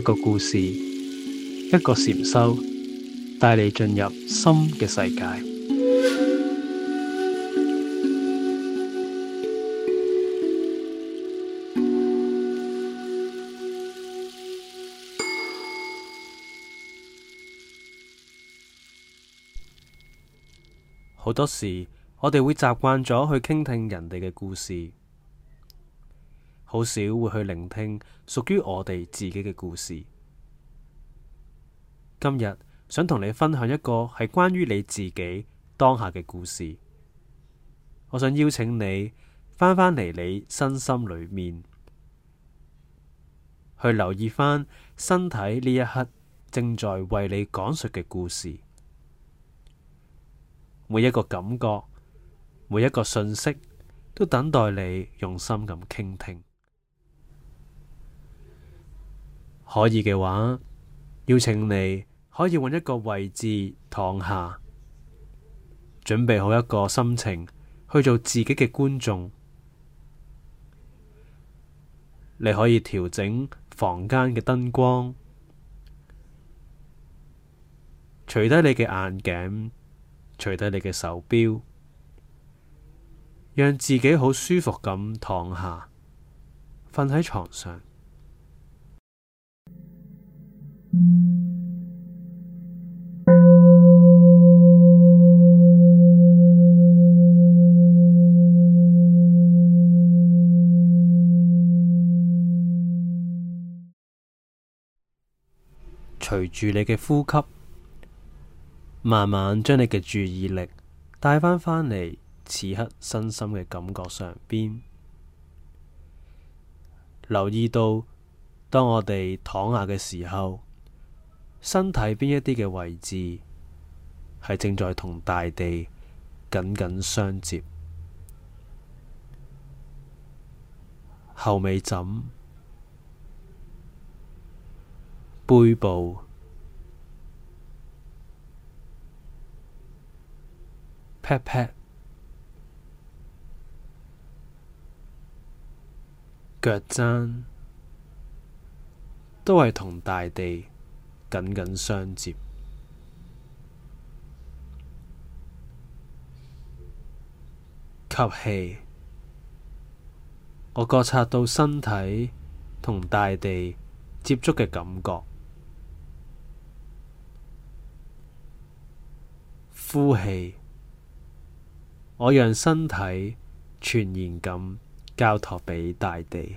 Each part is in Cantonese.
一個故事，一個禪修，帶你進入深嘅世界。好多時，我哋會習慣咗去傾聽人哋嘅故事。好少會去聆聽屬於我哋自己嘅故事。今日想同你分享一個係關於你自己當下嘅故事。我想邀請你翻返嚟你身心裏面，去留意翻身體呢一刻正在為你講述嘅故事。每一個感覺，每一個訊息，都等待你用心咁傾聽。可以嘅話，邀請你可以搵一個位置躺下，準備好一個心情去做自己嘅觀眾。你可以調整房間嘅燈光，除低你嘅眼鏡，除低你嘅手錶，讓自己好舒服咁躺下，瞓喺床上。隨住你嘅呼吸，慢慢將你嘅注意力帶返返嚟，此刻身心嘅感覺上邊，留意到當我哋躺下嘅時候。身體邊一啲嘅位置係正在同大地緊緊相接，後尾枕、背部、pat pat、腳踭，都係同大地。緊緊相接，吸氣，我覺察到身體同大地接觸嘅感覺。呼氣，我讓身體全然咁交託畀大地。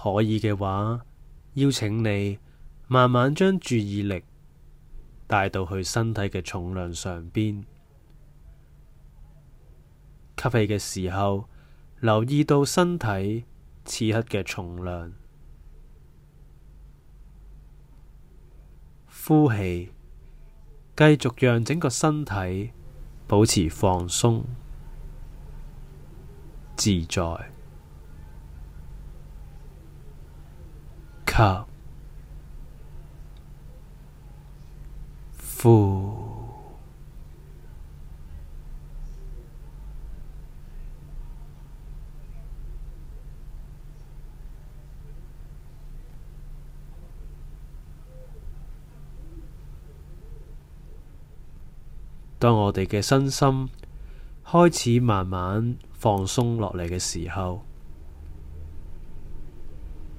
可以嘅話，邀請你慢慢將注意力帶到去身體嘅重量上面。吸氣嘅時候，留意到身體此刻嘅重量。呼氣，繼續讓整個身體保持放鬆自在。托，當我哋嘅身心開始慢慢放鬆落嚟嘅時候。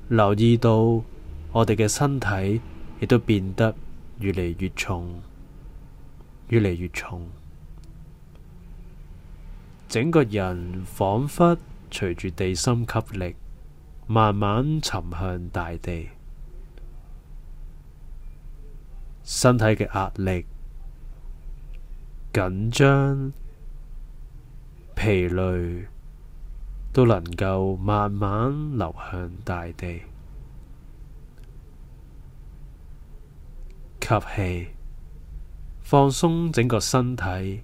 留意到我哋嘅身體亦都變得越嚟越重，越嚟越重，整個人仿佛隨住地心吸力慢慢沉向大地，身體嘅壓力、緊張、疲累，都能夠慢慢流向大地，吸氣，放鬆整個身體，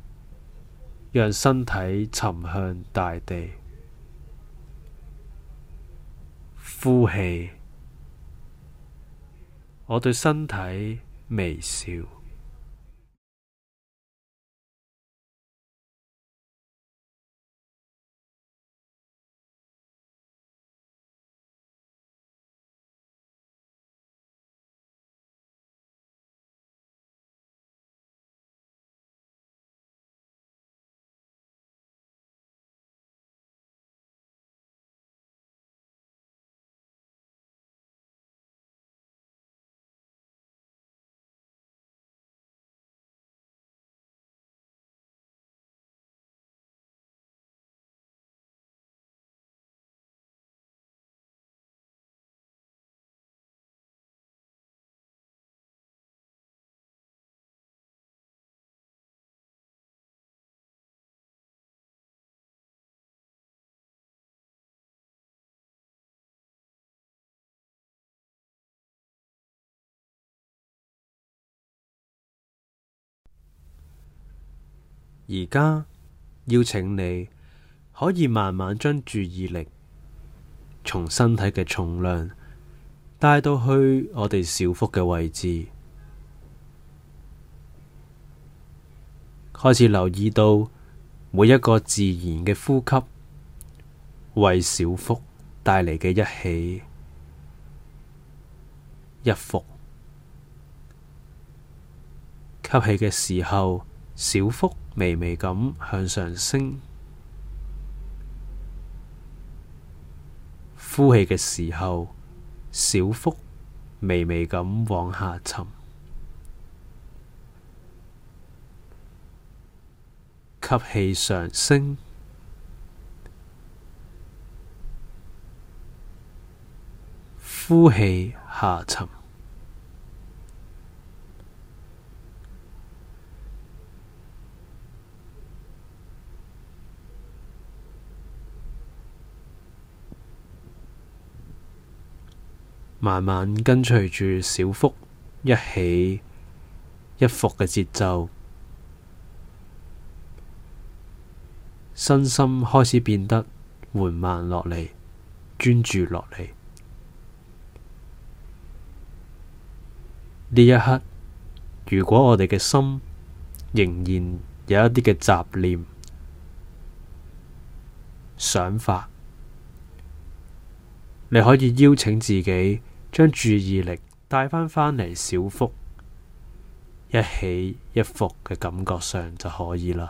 讓身體沉向大地，呼氣，我對身體微笑。而家邀請你，可以慢慢將注意力從身體嘅重量帶到去我哋小腹嘅位置，開始留意到每一個自然嘅呼吸，為小腹帶嚟嘅一起一伏吸氣嘅時候，小腹。微微咁向上升，呼氣嘅時候，小腹微微咁往下沉，吸氣上升，呼氣下沉。慢慢跟隨住小腹，一起一伏嘅節奏，身心開始變得緩慢落嚟，專注落嚟。呢一刻，如果我哋嘅心仍然有一啲嘅雜念、想法，你可以邀請自己。將注意力帶返返嚟，小腹一起一伏嘅感覺上就可以喇。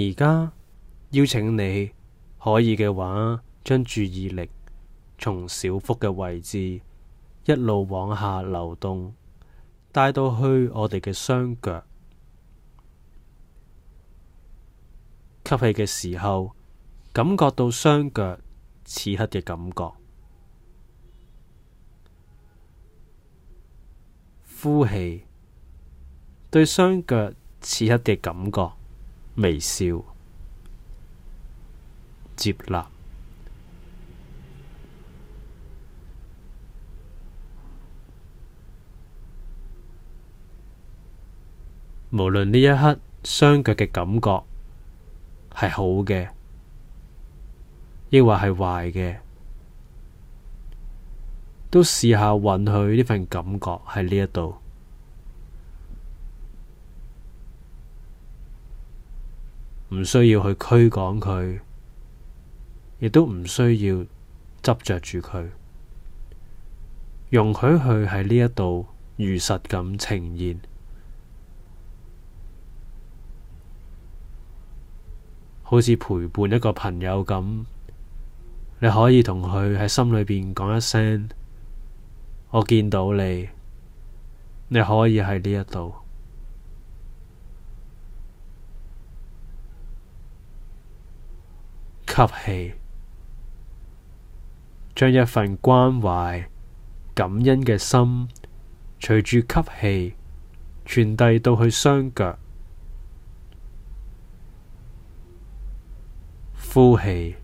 而家邀請你，可以嘅話，將注意力從小腹嘅位置一路往下流動，帶到去我哋嘅雙腳。吸氣嘅時候，感覺到雙腳此刻嘅感覺；呼氣，對雙腳此刻嘅感覺。微笑接納，無論呢一刻雙腳嘅感覺係好嘅，抑或係壞嘅，都試下允許呢份感覺喺呢一度。唔需要去驅趕佢，亦都唔需要執着住佢，容許佢喺呢一度如實咁呈現，好似陪伴一個朋友咁，你可以同佢喺心裏邊講一聲，我見到你，你可以喺呢一度。吸氣，將一份關懷感恩嘅心，隨住吸氣傳遞到去雙腳。呼氣，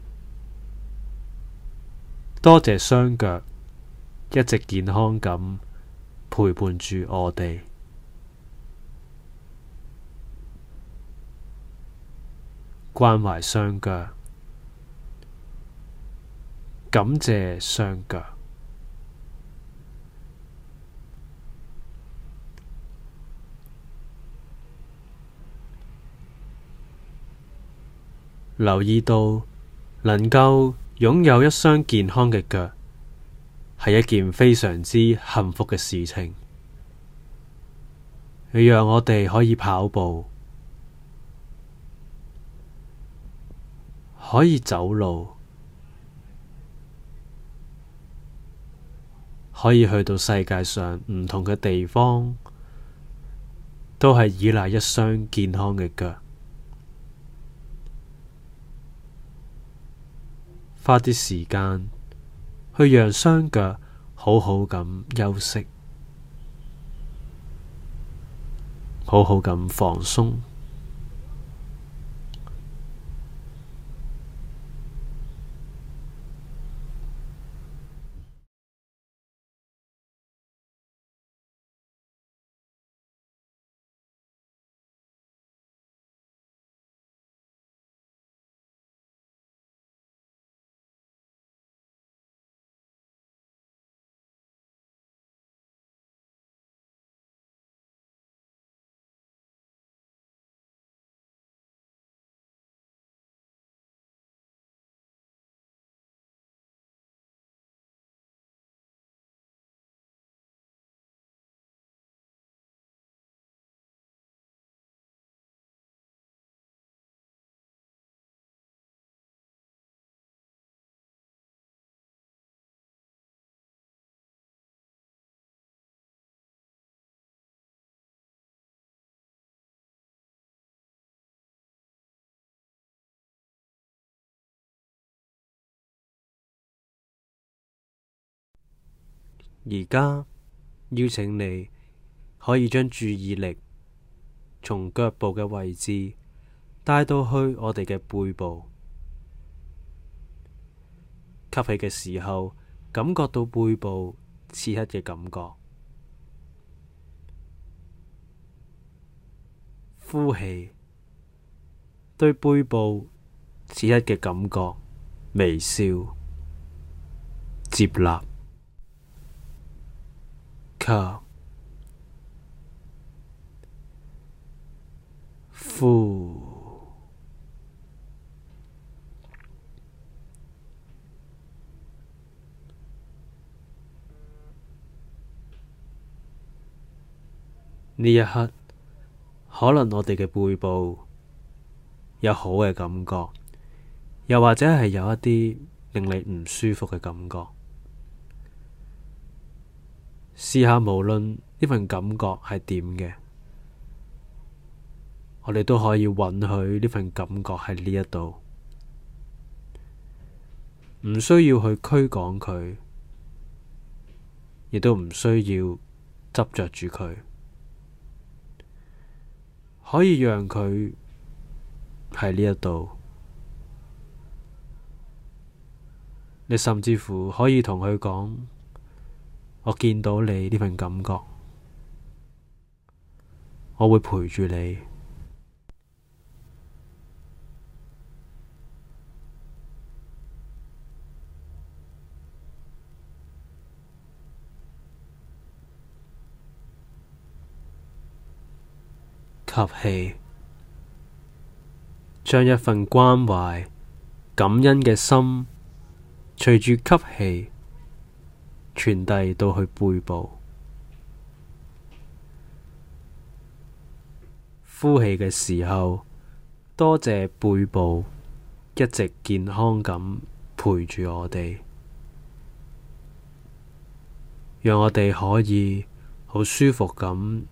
多謝雙腳一直健康咁陪伴住我哋。關懷雙腳。感謝雙腳，留意到能夠擁有一雙健康嘅腳，係一件非常之幸福嘅事情。佢讓我哋可以跑步，可以走路。可以去到世界上唔同嘅地方，都係依賴一雙健康嘅腳。花啲時間去讓雙腳好好咁休息，好好咁放鬆。而家邀請你，可以將注意力從腳部嘅位置帶到去我哋嘅背部。吸氣嘅時候，感覺到背部此刻嘅感覺。呼氣，對背部此刻嘅感覺微笑接納。呼吸呢一刻，可能我哋嘅背部有好嘅感覺，又或者係有一啲令你唔舒服嘅感覺。試下無論呢份感覺係點嘅，我哋都可以允許呢份感覺喺呢一度，唔需要去驅趕佢，亦都唔需要執着住佢，可以讓佢喺呢一度。你甚至乎可以同佢講。我見到你呢份感覺，我會陪住你，吸氣，將一份關懷、感恩嘅心，隨住吸氣。傳遞到去背部，呼氣嘅時候，多謝背部一直健康咁陪住我哋，讓我哋可以好舒服咁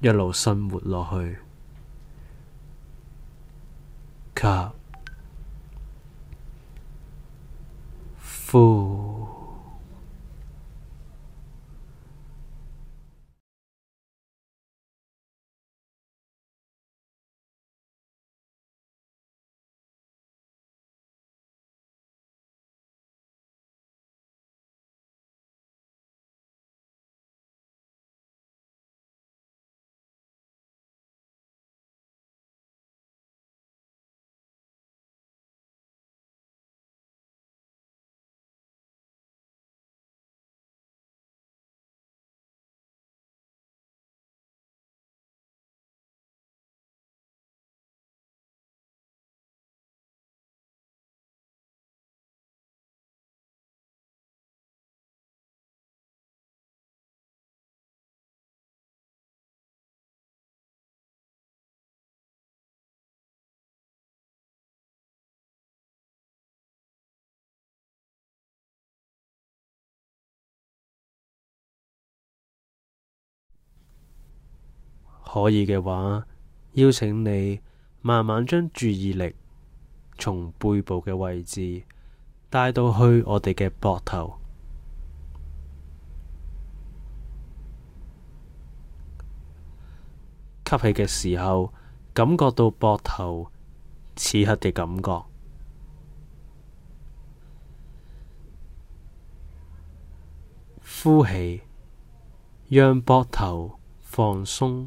一路生活落去。吸，呼。可以嘅話，邀請你慢慢將注意力從背部嘅位置帶到去我哋嘅膊頭。吸氣嘅時候，感覺到膊頭此刻嘅感覺。呼氣，讓膊頭放鬆。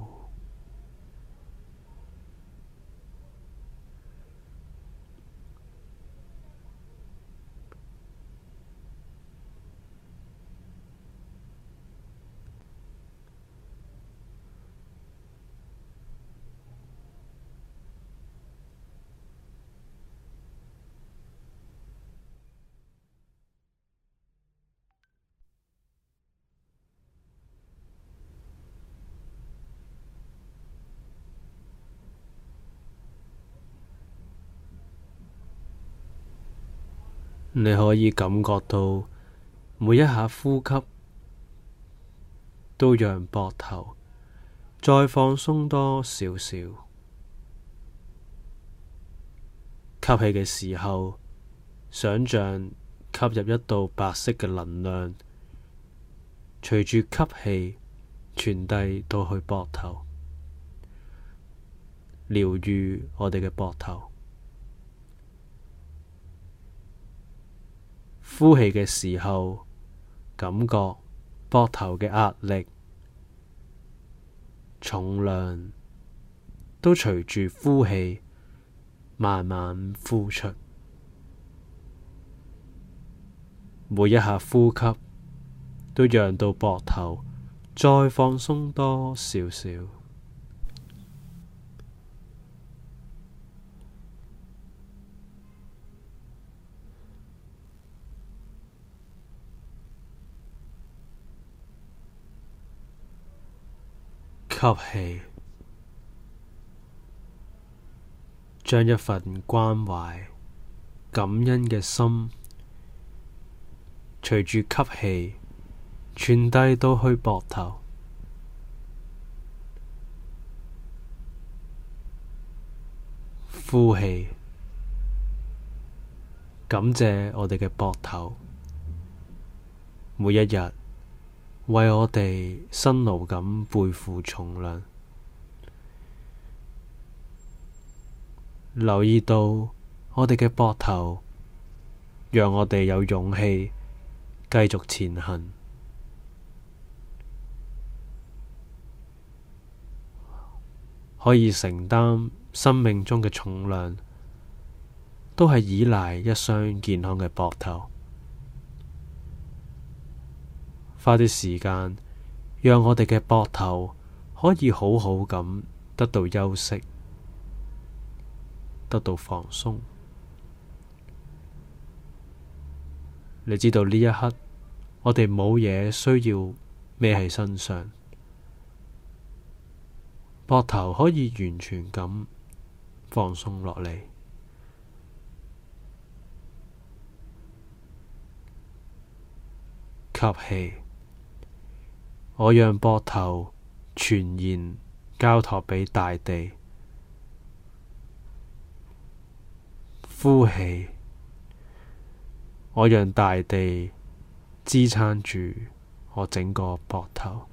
你可以感覺到每一下呼吸都讓膊頭再放鬆多少少。吸氣嘅時候，想像吸入一道白色嘅能量，隨住吸氣傳遞到去膊頭，療癒我哋嘅膊頭。呼氣嘅時候，感覺膊頭嘅壓力、重量都隨住呼氣慢慢呼出。每一下呼吸都讓到膊頭再放鬆多少少。吸氣，將一份關懷、感恩嘅心，隨住吸氣傳低到去膊頭。呼氣，感謝我哋嘅膊頭，每一日。為我哋辛勞咁背負重量，留意到我哋嘅膊頭，讓我哋有勇氣繼續前行，可以承擔生命中嘅重量，都係依賴一雙健康嘅膊頭。花啲時間，讓我哋嘅膊頭可以好好咁得到休息，得到放鬆。你知道呢一刻，我哋冇嘢需要孭喺身上，膊頭可以完全咁放鬆落嚟。吸氣。我讓膊頭全然交託畀大地。呼氣，我讓大地支撐住我整個膊頭。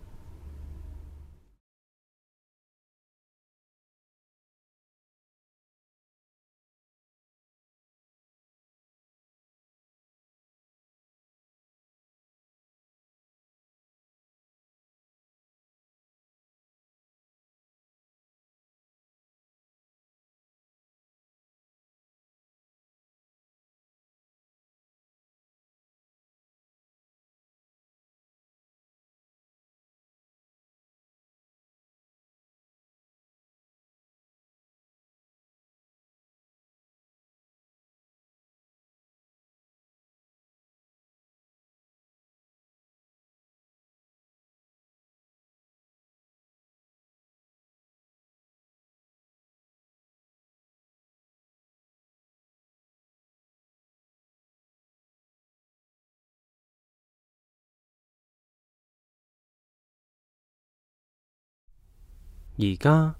而家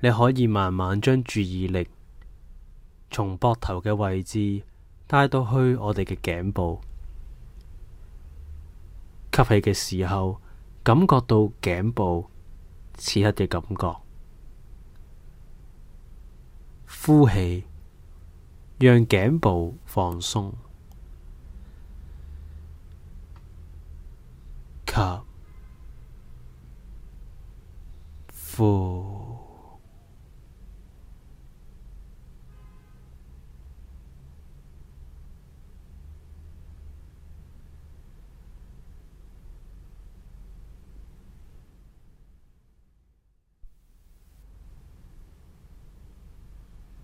你可以慢慢將注意力從膊頭嘅位置帶到去我哋嘅頸部，吸氣嘅時候感覺到頸部此刻嘅感覺，呼氣讓頸部放鬆，吸。乎，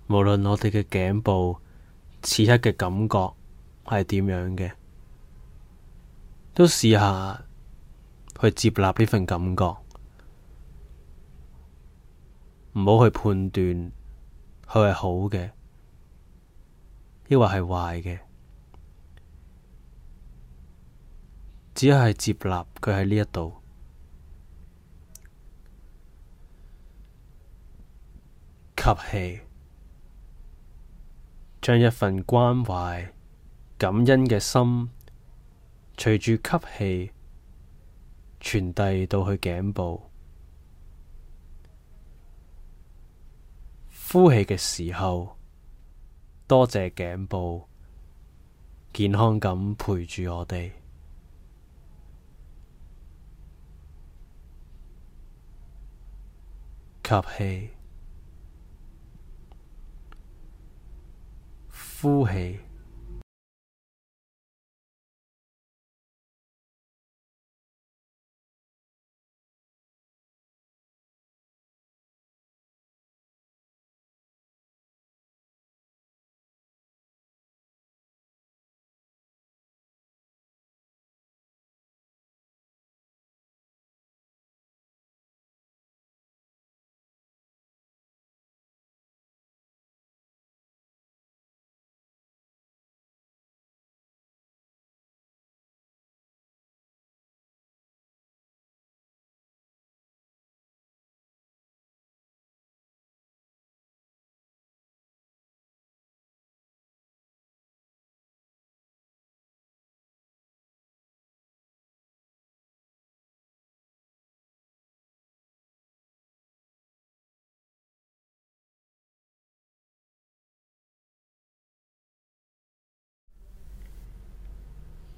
無論我哋嘅頸部此刻嘅感覺係點樣嘅，都試下去接納呢份感覺。唔好去判斷佢係好嘅，抑或係壞嘅，只係接納佢喺呢一度。吸氣，將一份關懷感恩嘅心，隨住吸氣傳遞到去頸部。呼氣嘅時候，多謝頸部健康咁陪住我哋。吸氣，呼氣。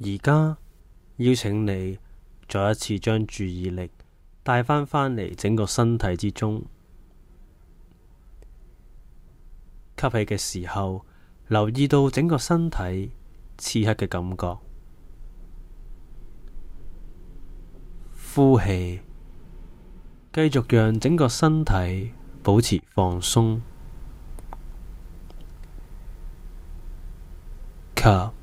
而家邀請你再一次將注意力帶返返嚟整個身體之中，吸氣嘅時候留意到整個身體此刻嘅感覺，呼氣，繼續讓整個身體保持放鬆，吸。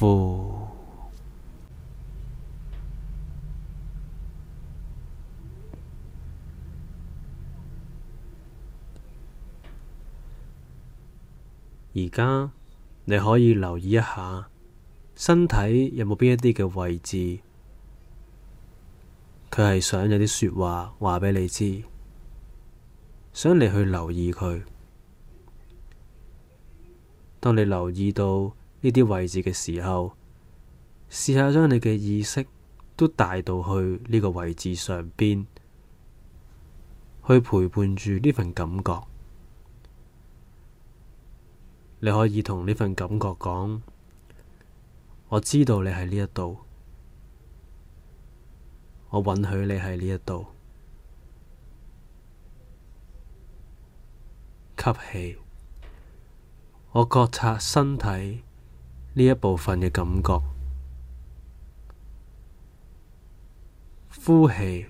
而家你可以留意一下，身體有冇邊一啲嘅位置，佢係想有啲說話話畀你知，想你去留意佢。當你留意到呢啲位置嘅時候，試下將你嘅意識都帶到去呢個位置上邊，去陪伴住呢份感覺。你可以同呢份感覺講：我知道你喺呢一度，我允許你喺呢一度。吸氣，我覺察身體。呢一部分嘅感覺，呼氣，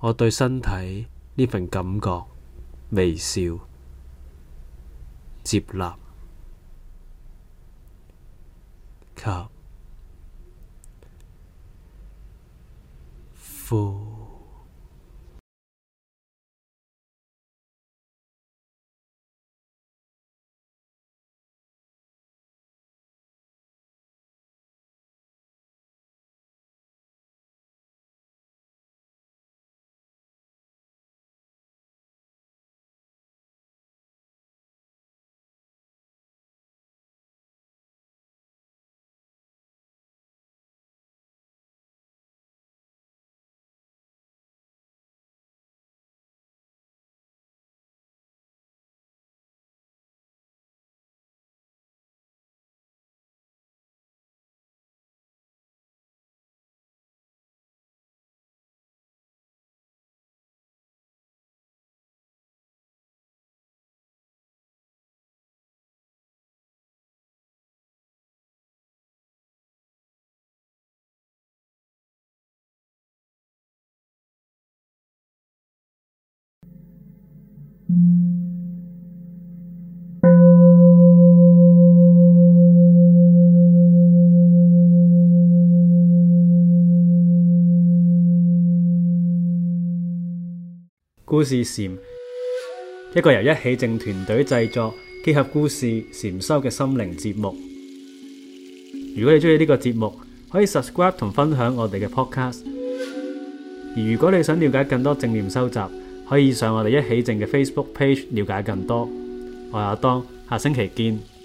我對身體呢份感覺，微笑，接納及呼。故事禪，一個由一起正團隊製作，結合故事禪修嘅心靈節目。如果你鍾意呢個節目，可以 subscribe 同分享我哋嘅 podcast。如果你想了解更多正念收集。可以上我哋一起靜嘅 Facebook page 了解更多，我係阿當，下星期見。